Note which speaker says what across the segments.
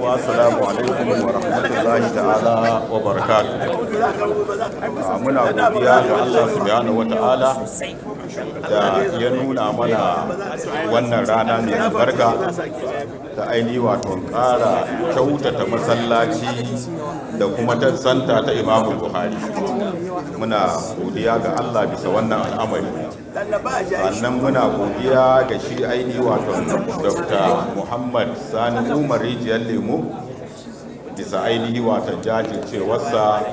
Speaker 1: uwa alaikum wa rahmatullahi ta'ala wa A'a ah, muna godiya ga Allah subhanahu wa ta'ala da ya nuna mana wannan rana mai albarka ta aini wato kara kyautata masallaci da kuma ta santa ta Imam Buhari muna godiya ga Allah bisa wannan al'amari sannan muna godiya ga shi aini wato dr muhammad sani umar rijiyar lemo bisa ainihi wato jajircewarsa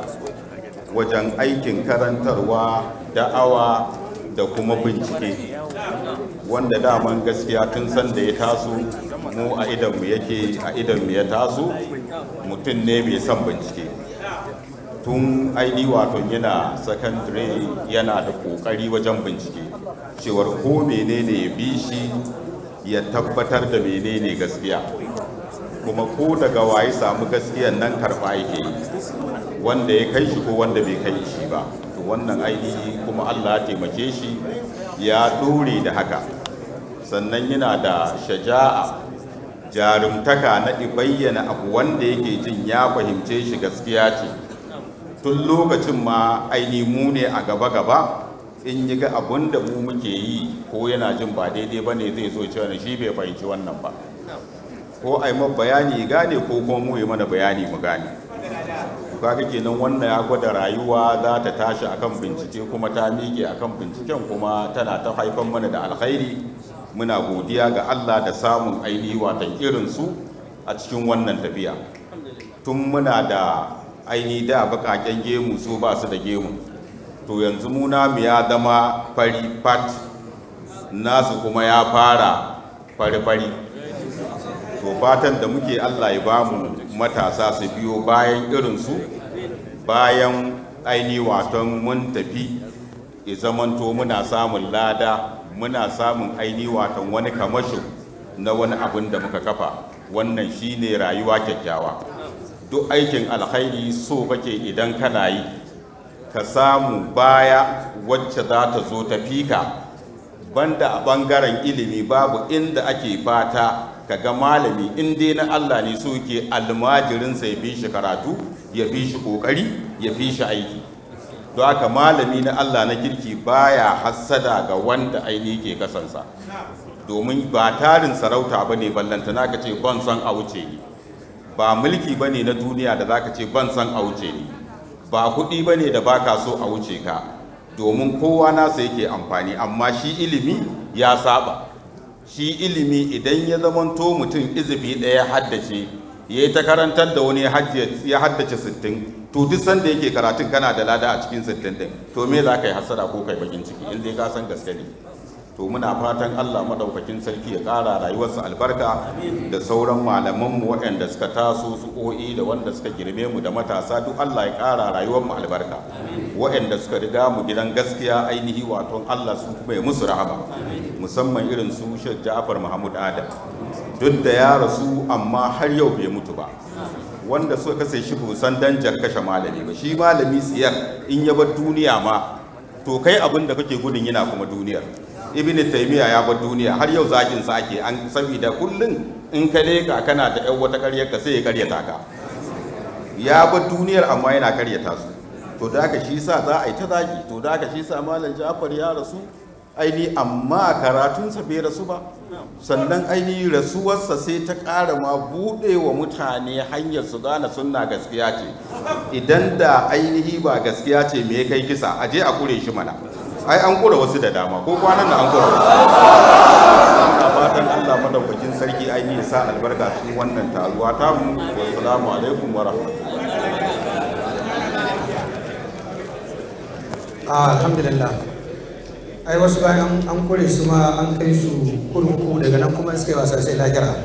Speaker 1: wajen aikin karantarwa da'awa da kuma bincike wanda daman gaskiya tun san da ya taso mu a idanmu yake a idanmu ya taso mutum ne mai son bincike tun aini wato yana secondary yana da kokari wajen bincike cewar ko menene ya bi shi ya tabbatar da menene gaskiya kuma ko daga waye samu gaskiyan nan karba yake wanda ya kai shi ko wanda bai kai shi ba to wannan ainihi kuma Allah ya taimake shi ya dore da haka sannan yana da shaja'a jarumtaka na bayyana abu wanda yake jin ya fahimce shi gaskiya ce tun lokacin ma aini mu ne a gaba-gaba in yi ga abun da mu muke yi ko yana jin ba daidai ba ne zai so cewa shi bai fahimci wannan ba ko a yi bayani gane ko kuma mu yi mana bayani mu gane kaga kenan wannan ya gwada rayuwa za ta tashi akan bincike kuma ta miƙe akan binciken kuma tana ta haifar mana da alkhairi muna godiya ga Allah da samun ainihi watan irin su a cikin wannan tafiya tun muna da aini da bakaken gemu su ba su da gemu to yanzu mu mu ya zama fari fat nasu kuma ya fara fari fari to fatan da muke Allah ya bamu matasa su biyo bayan irin su, bayan aini waton mun tafi ya zamanto muna samun lada muna samun aini waton wani kamashin na wani abin da muka kafa wannan shine rayuwa kyakkyawa duk aikin alkhairi so kake idan kana yi ka samu baya wacce za ta zo ta fika banda a ɓangaren ilimi babu inda ake fata ka ga malami in dai na Allah ne so ke almajirinsa ya fi shi karatu ya fi shi ƙoƙari ya fi shi aiki don haka malami na Allah na kirki baya hassada ga wanda aini ke kasansa domin ba tarin sarauta bane ne ballantana ka ce ban san a wuce ni ba mulki ba ne na duniya da zaka ce ban san a wuce ni ba kuɗi ba ne da baka so a wuce ka domin kowa nasa yake amfani amma shi ilimi ya saba shi ilimi idan ya zamanto mutum izubi ɗaya haddace ya yi ta karantar da wani ya haddace sittin to duk sanda yake karatun kana da lada a cikin sittin ɗin to me za ka yi hassara ko kai bakin ciki in dai ka san gaske ne to muna fatan Allah madaukakin sarki ya ƙara rayuwarsa albarka da sauran malamanmu waɗanda suka taso su su'o'i da wanda suka girme mu da matasa duk Allah ya ƙara rayuwarmu albarka waɗanda suka riga mu gidan gaskiya ainihi wato Allah su kuma ya musu rahama musamman irin su Sheikh Ja'far Muhammad Adam duk da ya rasu amma har yau bai mutu ba wanda suka kasa shi san dan kashe malami ba shi malami tsiyar in ya bar duniya ma to kai abin da kake gudun yana kuma duniyar ibn taymiya ya bar duniya har yau zakin sa ake an saboda kullun in ka leka kana da yau wata karyar ka sai ya karyata ka ya bar duniyar amma yana karyata su to da haka shi sa za a yi ta zaki to da haka shi sa malam Ja'far ya rasu aini amma karatun sa bai rasu ba sannan aini rasuwarsa sai ta ƙara ma buɗe wa mutane hanyar su gane sunna gaskiya ce idan da ainihi ba gaskiya ce me kai kisa aje a kure shi mana ai an kura wasu da dama ko kwanan da an kura wasu fatan Allah madaukakin sarki an yi sa albarka cikin wannan taruwa ta mu assalamu alaikum wa rahmatullahi ah, alhamdulillah ai wasu bayan an kure su ma an kai su kurkuku daga nan kuma suka yi wasa sai lahira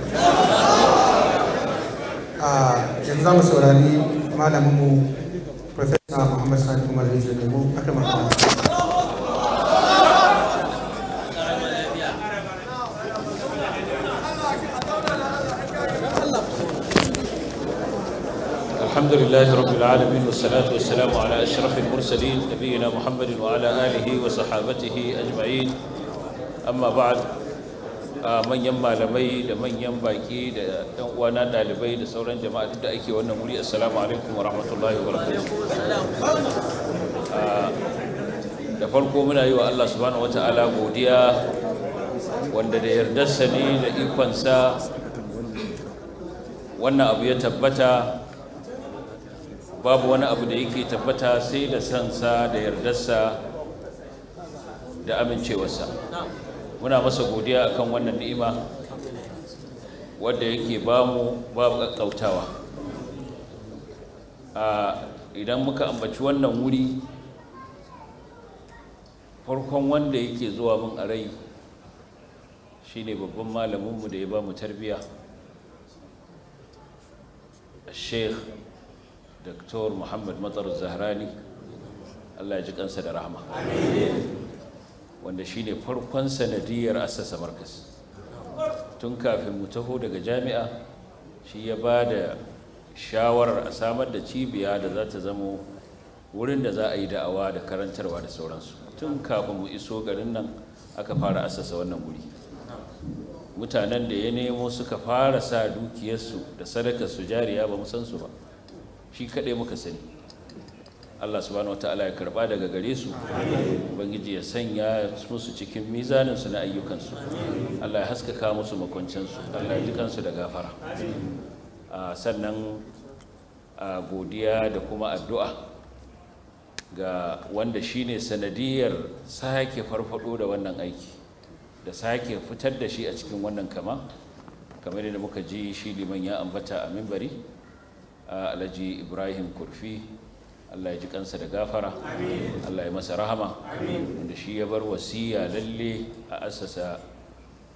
Speaker 1: a ah, yanzu za mu saurari malamin mu professor muhammad sani umar rijiyar da mu aka
Speaker 2: الحمد لله رب العالمين والصلاة والسلام على أشرف المرسلين نبينا محمد وعلى آله وصحابته أجمعين أما بعد من يما لمي لمن يما كي وانا دالبي لسورا جماعة دائكي وانا مولي السلام عليكم ورحمة الله وبركاته da farko muna yi wa Allah subhanahu wataala godiya wanda da yardarsa ne da ikonsa wannan abu ya tabbata babu wani abu da yake tabbata sai da sansa da yardarsa da amincewarsa muna masa godiya akan wannan ni'ima wadda yake bamu babu kakkautawa a idan muka ambaci wannan wuri farkon wanda yake zuwa min a rai shine babban malaminmu da ya ba mu tarbiyya sheikh Dr. Muhammad Matsar Zahrani Allah ya ji kansa da rahama wanda shi ne farkon sanadiyar assasa markas tun kafin mu taho daga jami'a shi ya ba da shawarar a samar da cibiya da za ta zamo wurin da za a yi da'awa da karantarwa da sauransu tun kafin mu iso garin nan aka fara assasa wannan guri mutanen da ya nemo suka fara sa dukiyarsu da sadakarsu jariya ba mu san su ba shi kaɗai muka sani Allah subhanahu wata'ala ya karɓa daga gare su ubangiji ya sanya musu cikin mizanin su na ayyukansu Allah ya haskaka musu makwancinsu Allah ya ji da gafara sannan godiya da kuma addu'a ga wanda shine sanadiyar sake farfado da wannan aiki da sake fitar da shi a cikin wannan kama kamar yadda muka ji shi liman ya ambata a mimbari alhaji ibrahim kurfi allah ya ji kansa da gafara allah ya masa rahama wanda shi ya bar wasiya lalle a asasa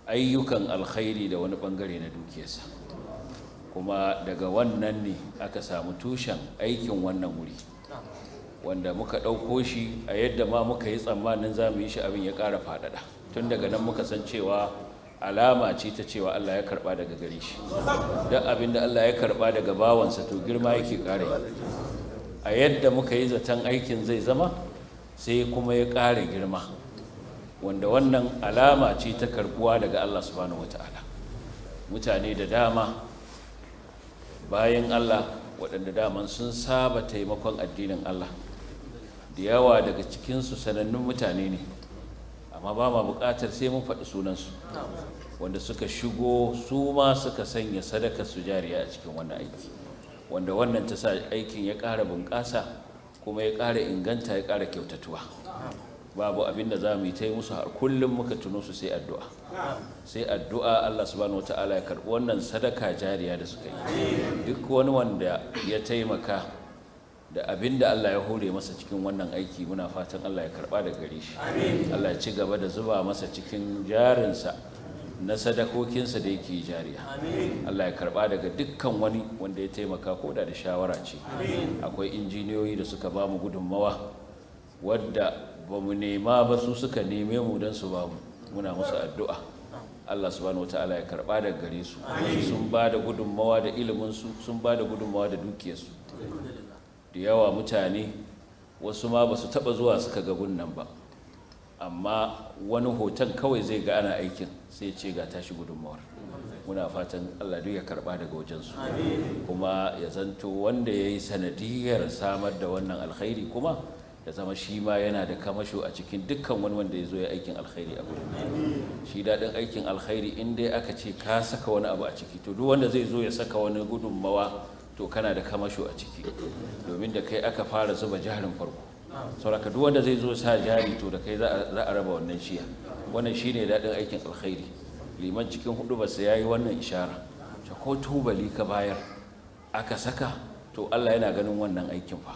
Speaker 2: ayyukan alkhairi da wani bangare na dukiyarsa kuma daga wannan ne aka samu tushen aikin wannan wuri wanda muka ɗauko shi a yadda ma muka yi tsammanin za mu yi shi abin ya ƙara faɗaɗa tun daga nan muka san cewa alama ce ta cewa Allah ya karba daga gare shi duk abin da Allah ya karba daga bawansa to girma yake kare a yadda muka yi zaton aikin zai zama sai kuma ya kare girma wanda wannan alama ce ta karbuwa daga Allah subhanahu wata'ala mutane da dama bayan Allah waɗanda dama sun saba taimakon addinin Allah da yawa daga cikinsu sanannun mutane ne amma ba ma bukatar sai mun faɗi sunansu wanda suka shigo su ma suka sanya sadaka su jariya a cikin wannan aiki wanda wannan ta sa aikin ya ƙara bunƙasa kuma ya ƙara inganta ya ƙara kyautatuwa babu abin da za mu yi ta yi musu har kullum muka tuno su sai addu'a sai addu'a Allah subhanahu wataala ya karɓi wannan sadaka jariya da suka yi duk wani wanda ya taimaka da abin da Allah ya hore masa cikin wannan aiki muna fatan Allah ya karba da gare shi Allah ya ci gaba da zuba masa cikin jarinsa na sadakokinsa da yake jariya Allah ya karba daga dukkan wani wanda ya taimaka ko da shawara ce akwai injiniyoyi da suka ba mu gudunmawa wadda ba mu nema ba su suka neme mu don su ba mu muna musu addu'a Allah subhanahu wa ta'ala ya karba daga gare su sun ba da gudunmawa da iliminsu sun ba da gudunmawa da dukiyarsu da yawa mutane wasu ma ba su taɓa zuwa suka ga gunnan ba amma wani hoton kawai zai ga ana aikin sai ce ga tashi gudunmawar muna fatan allah duk ya karba daga wajensu kuma ya zanto wanda ya yi sanadiyar samar da wannan alkhairi kuma ya zama shi ma yana da kamasho a cikin dukkan wani wanda ya zo ya aikin alkhairi a gudun shi daɗin aikin alkhairi in dai aka ce ka saka wani abu a ciki to duk wanda zai zo ya saka wani gudunmawa to kana da kamasho a ciki domin da kai aka fara zuba jarin farko sauraka duk wanda zai zo sa jari to da kai za a raba wannan shiya wannan shi ne daɗin aikin alkhairi liman cikin hudu ba ya yi wannan ishara ta ko tubali ka bayar aka saka to Allah yana ganin wannan aikin fa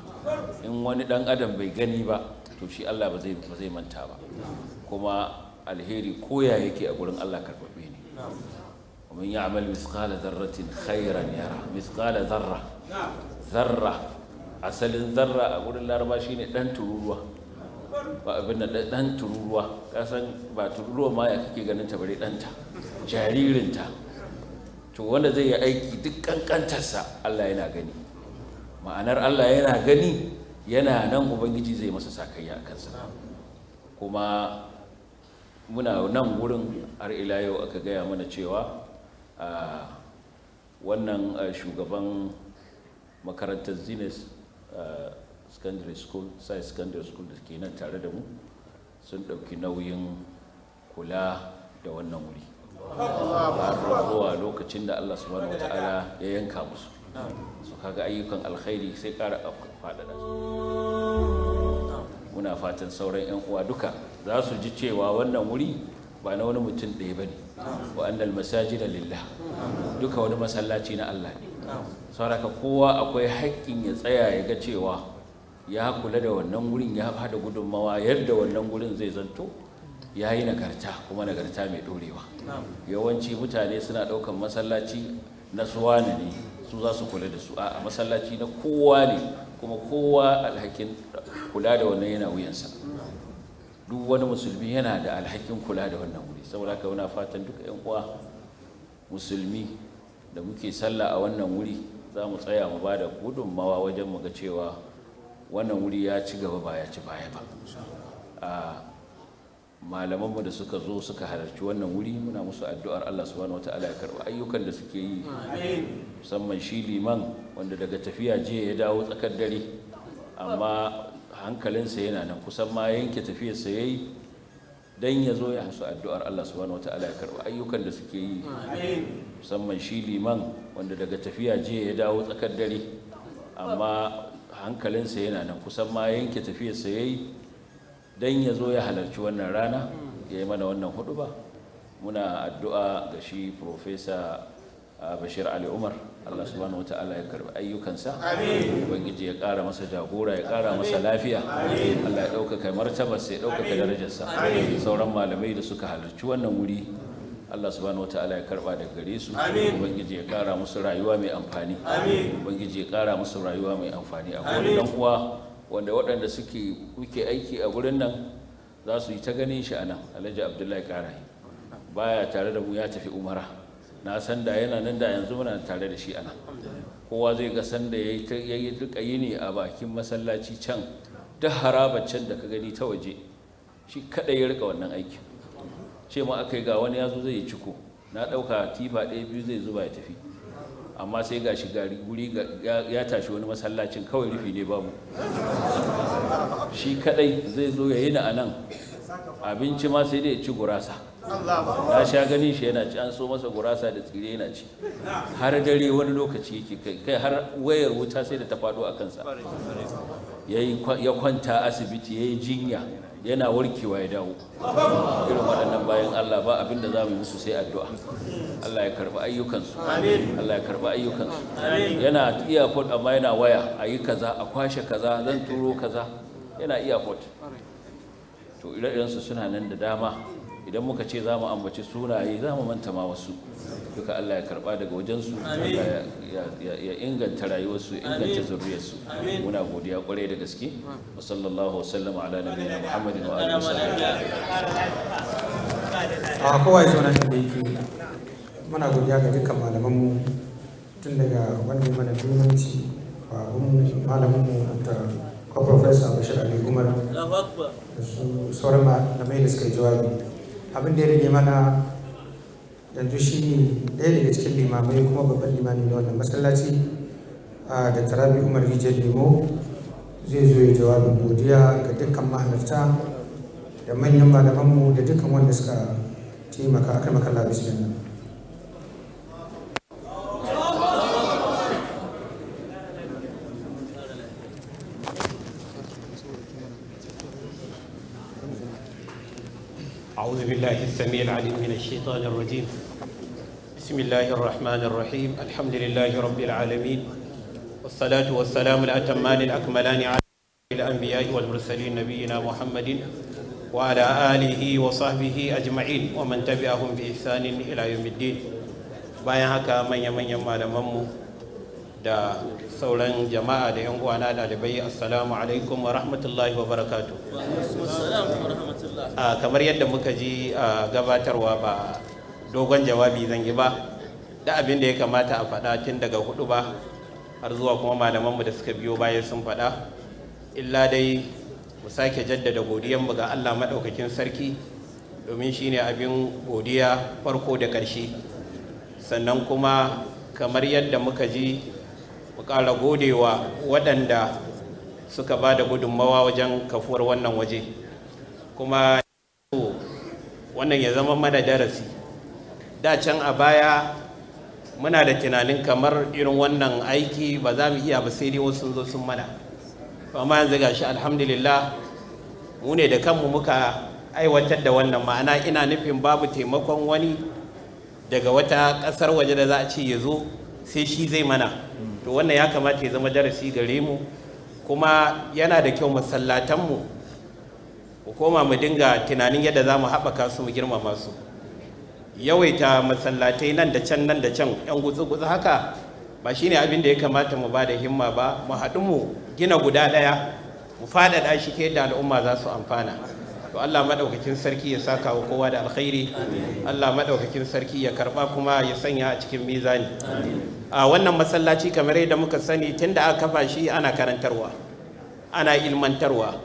Speaker 2: in wani dan adam bai gani ba to shi Allah ba zai manta ba kuma alheri koya yake a gurin Allah karbabe ne ومن يعمل مثقال ذرة خيرا يرى مثقال zarra ذرة asalin zarra a wurin laraba shine dan tururuwa ba abin da dan tururuwa kasan ba tururuwa ma kake ganin ta bare danta jaririnta to wanda zai yi aiki duk ƙanƙantarsa Allah yana gani ma'anar Allah yana gani yana nan ubangiji zai masa sakayya a kansa kuma muna nan wurin har ila yau aka gaya mana cewa a wannan shugaban makarantar zines secondary school sai secondary school da ke nan tare da mu sun ɗauki nauyin kula da wannan wuri har zuwa lokacin da allah subhanahu Ta'ala ya yanka musu su kaga ayyukan alkhairi sai ƙara faɗaɗa muna fatan sauran 'yan uwa duka za su ji cewa wannan wuri ba na wani mutum ɗaya ba ne wa dalmasaji da lillah duka wani masallaci na Allah ne sauraka kowa akwai haƙƙin ya tsaya ya ga cewa ya kula da wannan wurin ya bada gudunmawa yadda wannan wurin zai zanto ya yi nagarta kuma nagarta mai ɗorewa yawanci mutane suna ɗaukan masallaci na suwana ne su za su kula da su a masallaci na kowa ne kuma kowa alhakin kula da wannan yana wuyansa duk wani musulmi yana da alhakin kula da wannan wuri saboda haka muna fatan duka yan uwa musulmi da muke sallah a wannan wuri za mu tsaya mu ba da gudunmawa wajen mu ga cewa wannan wuri ya ci gaba ba ya ci baya ba malamanmu da suka zo suka halarci wannan wuri muna musu addu'ar Allah subhanahu wata'ala ya karba ayyukan da suke yi musamman shi liman wanda daga tafiya jiya ya dawo tsakar dare amma hankalinsa yana nan kusan ma yanke tafiyarsa ya yi don ya zo ya hasu addu'ar Allah subhanahu wa ta'ala ya karɓi ayyukan da suke yi musamman shi liman wanda daga tafiya je ya dawo tsakar dare amma hankalinsa yana nan kusan ma yanke tafiyarsa ya yi don ya zo ya halarci wannan rana ya yi mana wannan hudu ba muna addu'a ga shi profesa ah, bashir ali umar Allah subhanahu wata'ala ya karbi ayyukansa ubangiji ya ƙara masa jagora ya ƙara masa lafiya Allah ya ɗaukaka martabarsa ya ɗaukaka darajarsa sauran malamai da suka halarci wannan wuri Allah subhanahu wataala ya karba daga gare su ubangiji ya kara musu rayuwa mai amfani ubangiji ya kara musu rayuwa mai amfani a gurin dan uwa wanda waɗanda suke kuke aiki a gurin nan za su yi ta ganin shi a nan, Alhaji Abdullahi Karai baya tare da mu ya tafi Umara na san da yana nan da yanzu muna tare da shi ana kowa zai ga san da ya yi duka yini a bakin masallaci can duk haraba can da ka gani ta waje shi kada ya rika wannan aikin ce ma aka yi ga wani yazo zai yi ciko na ɗauka tifa ɗaya biyu zai zuba ya tafi amma sai ga shi gari guri ya tashi wani masallacin kawai rufi ne babu shi kaɗai zai zo ya yi na anan abinci ma sai dai ya ci gurasa na sha ganin shi yana ci an so masa gurasa da tsire yana ci har dare wani lokaci yake kai har wayar wuta sai da ta faɗo a kansa ya kwanta asibiti ya yi jinya yana warkewa ya dawo irin waɗannan bayan Allah ba abinda za mu yi musu sai addu'a Allah ya karɓi ayyukansu Allah ya karɓi ayyukansu yana iya fot amma yana waya a yi kaza a kwashe kaza zan turo kaza yana iya fot to ire su suna nan da dama idan muka ce za mu ambaci sunaye za mu manta ma wasu duka Allah ya karba daga wajensu ya inganta rayuwarsu ya inganta zurriyarsu muna godiya kwarai da gaske wa sallallahu wa sallama ala nabiyina muhammadin wa alihi wa sahbihi a kowa ya zauna
Speaker 1: da yake muna godiya ga dukkan malamanmu tun daga wani mana turanci babun malaminmu da ko professor bashir ali umar da
Speaker 2: su sauran malamai da suka yi jawabi
Speaker 1: abin da ya rage mana yanzu shi ne ɗaya daga cikin limamai kuma babban limami na wannan masallaci a da tarabi umar rijiyar lemo zai zo ya jawabin godiya ga dukkan mahalarta da manyan malamanmu da dukkan wanda suka taimaka akan makalla nan.
Speaker 3: بالله السميع العليم من الشيطان الرجيم بسم الله الرحمن الرحيم الحمد لله رب العالمين والصلاة والسلام الأتمان الأكملان على الأنبياء والمرسلين نبينا محمد وعلى آله وصحبه أجمعين ومن تبعهم بإحسان إلى يوم الدين بايعك من يمن يمال ممو دا sauran jama'a da yan uwana dalibai assalamu alaikum wa rahmatullahi wa barakatu ah, kamar yadda muka ji a ah, gabatarwa ba dogon jawabi zan yi ba da abin da ya kamata a faɗa tun daga hudu ba har zuwa kuma malamanmu da suka biyo baya sun faɗa illa dai mu sake jaddada godiyanmu ga allah maɗaukakin sarki domin shine abin godiya farko da ƙarshe sannan kuma kamar yadda muka ji mu ƙara godewa waɗanda suka ba da gudunmawa wajen kafuwar wannan waje kuma wannan ya zama mana darasi da can a baya muna da tunanin kamar irin wannan aiki ba za mu iya ba sai dai wasu zo sun mana amma yanzu gashi alhamdulillah mu ne da kanmu muka aiwatar da wannan ma'ana ina nufin babu taimakon wani daga wata ƙasar waje da za a ce ya zo sai shi zai mana to wannan ya kamata ya zama darasi gare mu kuma yana da kyau masallatan mu koma mu dinga tunanin yadda za mu haɓaka su mu girmama su yawaita masallatai nan da can nan da can yan gutsu-gutsu haka ba shine abin da ya kamata mu ba da himma ba mu haɗu mu gina guda ɗaya mu faɗaɗa shi ke yadda al'umma za su amfana to Allah madaukakin sarki ya saka wa kowa da alkhairi Allah madaukakin sarki ya karɓa kuma ya sanya a cikin mizani a wannan masallaci kamar yadda muka sani tun da aka kafa shi ana karantarwa ana ilmantarwa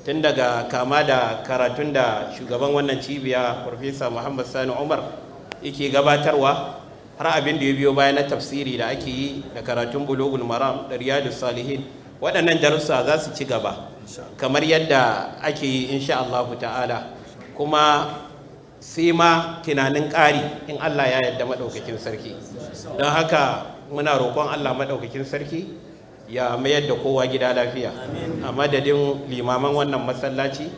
Speaker 3: tun daga kama da karatun da shugaban wannan cibiya farfesa muhammad sani umar yake gabatarwa har abin da ya biyo baya na tafsiri da ake yi da karatun bulugul maram da riyadu salihin waɗannan darussa za su ci gaba kamar yadda ake yi insha allahu ta'ala kuma sai ma tunanin ƙari in Allah ya yarda maɗaukakin sarki don haka muna roƙon Allah maɗaukakin sarki ya mayar da kowa gida lafiya a madadin limaman wannan masallaci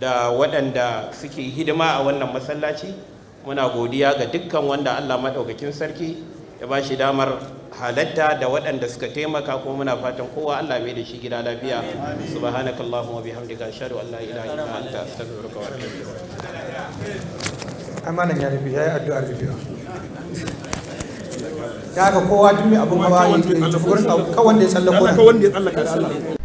Speaker 3: da waɗanda suke hidima a wannan masallaci muna godiya ga dukkan wanda Allah maɗaukakin sarki ya ba shi damar halatta da waɗanda suka taimaka ko muna fatan kowa Allah mai da shi gida lafiya subhanakallahumma bihamdika ashhadu an la ilaha illa anta astaghfiruka wa atubu ilaik
Speaker 1: amanan ya rufe ya yi addu'ar rufewa
Speaker 3: ya ga kowa duk mai abin hawa ya tafi
Speaker 1: gurin kawai wanda ya tsallaka da